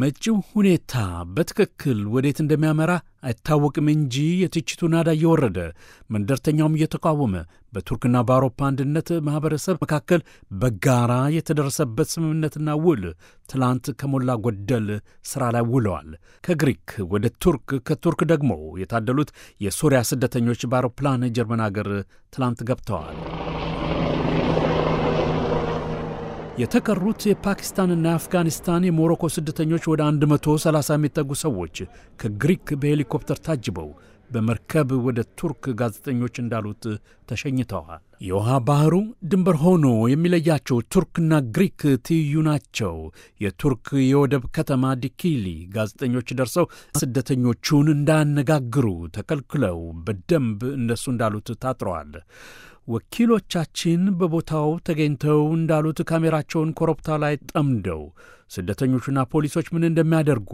መጪው ሁኔታ በትክክል ወዴት እንደሚያመራ አይታወቅም እንጂ የትችቱ ናዳ እየወረደ መንደርተኛውም እየተቃወመ በቱርክና በአውሮፓ አንድነት ማኅበረሰብ መካከል በጋራ የተደረሰበት ስምምነትና ውል ትላንት ከሞላ ጎደል ሥራ ላይ ውለዋል። ከግሪክ ወደ ቱርክ፣ ከቱርክ ደግሞ የታደሉት የሶሪያ ስደተኞች በአውሮፕላን ጀርመን አገር ትላንት ገብተዋል። የተቀሩት የፓኪስታንና የአፍጋኒስታን የሞሮኮ ስደተኞች ወደ 130 የሚጠጉ ሰዎች ከግሪክ በሄሊኮፕተር ታጅበው በመርከብ ወደ ቱርክ ጋዜጠኞች እንዳሉት ተሸኝተዋል። የውሃ ባህሩ ድንበር ሆኖ የሚለያቸው ቱርክና ግሪክ ትይዩ ናቸው። የቱርክ የወደብ ከተማ ዲኪሊ ጋዜጠኞች ደርሰው ስደተኞቹን እንዳያነጋግሩ ተከልክለው በደንብ እነሱ እንዳሉት ታጥረዋል። ወኪሎቻችን በቦታው ተገኝተው እንዳሉት ካሜራቸውን ኮረብታ ላይ ጠምደው ስደተኞቹና ፖሊሶች ምን እንደሚያደርጉ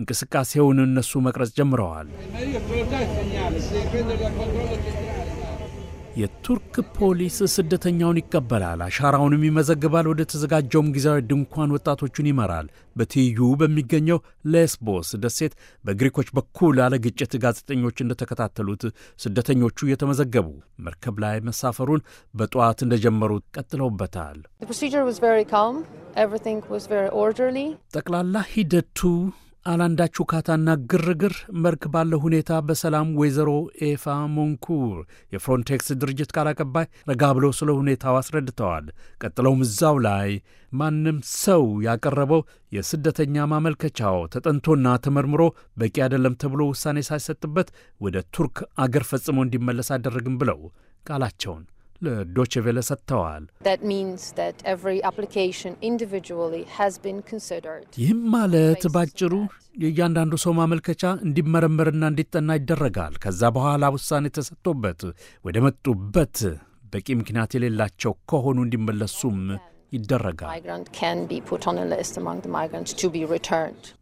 እንቅስቃሴውን እነሱ መቅረጽ ጀምረዋል። የቱርክ ፖሊስ ስደተኛውን ይቀበላል፣ አሻራውንም ይመዘግባል። ወደ ተዘጋጀውም ጊዜያዊ ድንኳን ወጣቶቹን ይመራል። በትይዩ በሚገኘው ሌስቦስ ደሴት በግሪኮች በኩል ያለ ግጭት ጋዜጠኞች እንደተከታተሉት ስደተኞቹ እየተመዘገቡ መርከብ ላይ መሳፈሩን በጠዋት እንደጀመሩ ቀጥለውበታል። ጠቅላላ ሂደቱ አላንዳች ውካታና ግርግር መልክ ባለው ሁኔታ በሰላም ወይዘሮ ኤፋ ሞንኩር የፍሮንቴክስ ድርጅት ቃል አቀባይ ረጋ ብለው ስለ ሁኔታው አስረድተዋል። ቀጥለውም እዛው ላይ ማንም ሰው ያቀረበው የስደተኛ ማመልከቻው ተጠንቶና ተመርምሮ በቂ አይደለም ተብሎ ውሳኔ ሳይሰጥበት ወደ ቱርክ አገር ፈጽሞ እንዲመለስ አደረግም ብለው ቃላቸውን ለዶችቬለ ቬለ ሰጥተዋል። ይህም ማለት ባጭሩ የእያንዳንዱ ሰው ማመልከቻ እንዲመረመርና እንዲጠና ይደረጋል። ከዛ በኋላ ውሳኔ ተሰጥቶበት ወደ መጡበት በቂ ምክንያት የሌላቸው ከሆኑ እንዲመለሱም ይደረጋል።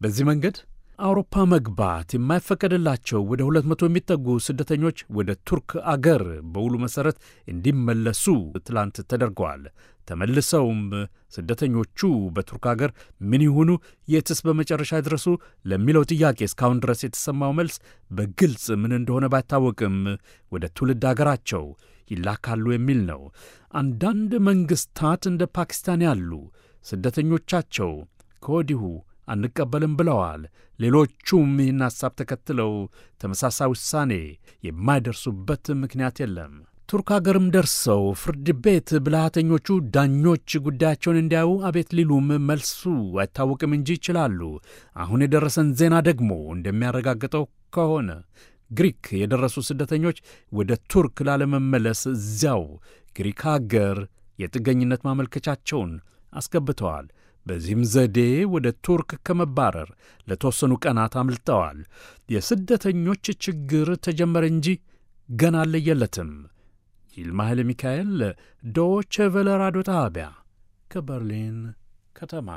በዚህ መንገድ አውሮፓ መግባት የማይፈቀድላቸው ወደ 200 የሚጠጉ ስደተኞች ወደ ቱርክ አገር በውሉ መሠረት እንዲመለሱ ትላንት ተደርገዋል። ተመልሰውም ስደተኞቹ በቱርክ አገር ምን ይሆኑ የትስ በመጨረሻ ይድረሱ ለሚለው ጥያቄ እስካሁን ድረስ የተሰማው መልስ በግልጽ ምን እንደሆነ ባይታወቅም ወደ ትውልድ አገራቸው ይላካሉ የሚል ነው። አንዳንድ መንግሥታት እንደ ፓኪስታን ያሉ ስደተኞቻቸው ከወዲሁ አንቀበልም ብለዋል። ሌሎቹም ይህን ሐሳብ ተከትለው ተመሳሳይ ውሳኔ የማይደርሱበት ምክንያት የለም። ቱርክ አገርም ደርሰው ፍርድ ቤት ብልሃተኞቹ ዳኞች ጉዳያቸውን እንዲያዩ አቤት ሊሉም መልሱ አይታወቅም እንጂ ይችላሉ። አሁን የደረሰን ዜና ደግሞ እንደሚያረጋግጠው ከሆነ ግሪክ የደረሱ ስደተኞች ወደ ቱርክ ላለመመለስ እዚያው ግሪክ አገር የጥገኝነት ማመልከቻቸውን አስገብተዋል። በዚህም ዘዴ ወደ ቱርክ ከመባረር ለተወሰኑ ቀናት አምልጠዋል። የስደተኞች ችግር ተጀመረ እንጂ ገና አለየለትም። ይልማ ኃይለ ሚካኤል ዶቼ ቬለ ራዲዮ ጣቢያ ከበርሊን ከተማ